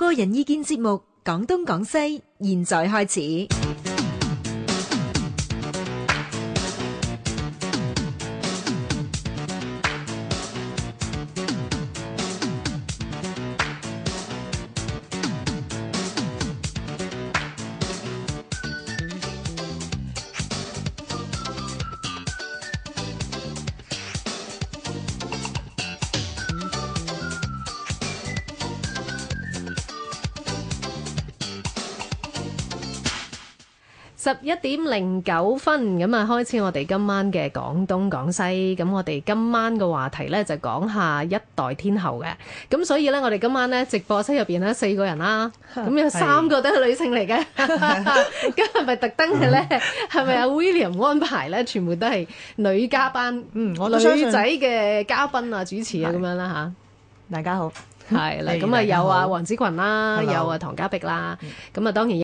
個人意見節目《講東講西》，現在開始。十一點零九分。咁啊，開始我哋今晚嘅廣東廣西。咁我哋今晚嘅話題咧就講下一代天后嘅。咁所以咧，我哋今晚咧直播室入邊咧四個人啦，咁有三個都係女性嚟嘅。咁係咪特登嘅咧？係咪阿 William 安排咧？全部都係女嘉賓。嗯，我相信女仔嘅嘉賓啊，主持啊咁樣啦吓。大家好，係啦。咁啊有阿黃子群啦，有阿唐嘉碧啦。咁啊當然。